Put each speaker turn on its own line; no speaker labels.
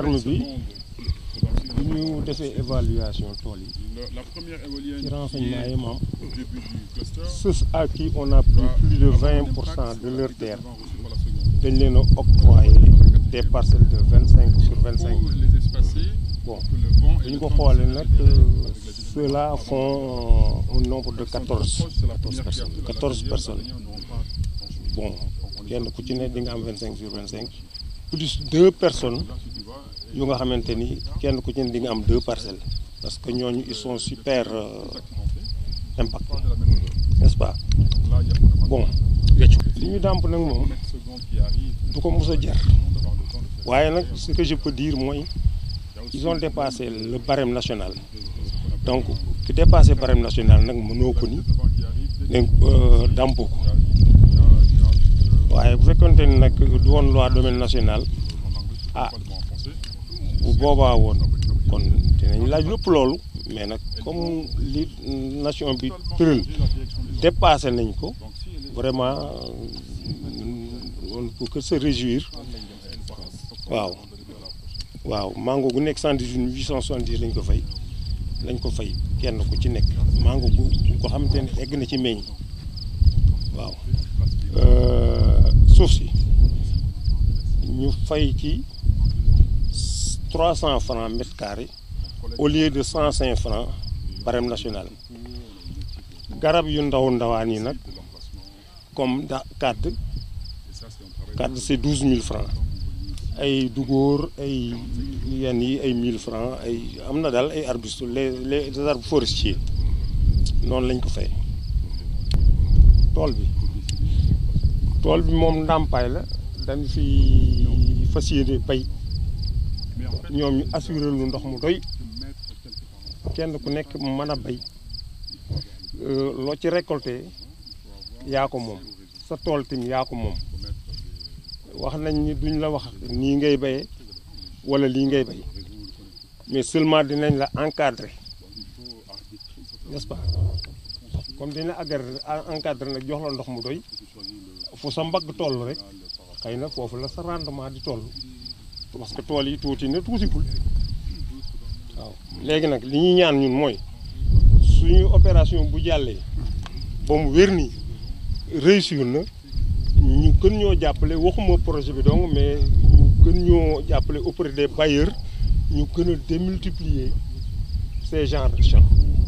ferme bi bi ñu defee évaluation tool yi ci renseignement yi moom ceux à qui on a pris plus de vingt pour cent de leur terre dañ leen a octroyé des parcelles de vingt cinq sur vingt cinq bon dañu ko xoole nag euh, ceux-là font euh, un nombre de quatorze quatorze personnes quatorze personnes bon kenn ku ci ne di nga am vingt cinq sur vingt cinq plus deux personnes yu nga xamante ni kenn ku ci ne di nga am deux parcelles parce que ñooñu ils sont super euh, impact n'est-ce pas bon li ñu dàmp nag moom du ko mos a jar waaye nag ce que je peux dire mooy ils ont dépassé le barème national donc ku dépassé barème national nag mënoo ko ni euh, dégg ko waaye bu fekkonte ni nag du woon loi domaine national ah bu boobaa woon kon dinañ laaj lépp loolu mais nag comme lii nation bi tëral dépassé nañ ko vraiment on ne peut que se réjouir waaw waaw mango gu nekk cent dix huit huit cent soixante dix lañ ko fay lañ ko fay kenn ku ci nekk mango gu ko xamante ni egg na ci meññ waaw. Euh, suuf si ñu fay ci trois cent francs mètre carré au lieu de cent cinq francs barème national garab yu ndaw ndawaan yi nag comme da kàdd kàdd c'est douze mille francs ay dugóor ay yenn ay mille francs ay am na daal ay arbustes les les arbres forestiers noonu lañ ko fay tool bi tool bi moom ndàmpaay la dañ fi fas yéene bay ñoom ñu assuré lu ndox mu doy kenn ku nekk mën a bay euh, loo ci récolté yaa ko moom sa tool tim yaa ko moom wax nañ ni duñ la wax nii ngay bayee wala lii ngay bay mais seulement dinañ la encadrer n'est-ce pas comme dina agar nag jox la ndox mu doy fu sa mbagg toll rek xëy na koofu la sa rendement di toll parce que tool yi tuuti na tuutikul waaw léegi nag li ñuy ñaan ñun mooy suñu opération bu jàllee ba mu wér nii réussir na ñu gën ñoo jàppale waxuma projet bi donc mais ñu gën ñoo jàppale auprès des bailleurs ñu gën a démultiplier ces genres de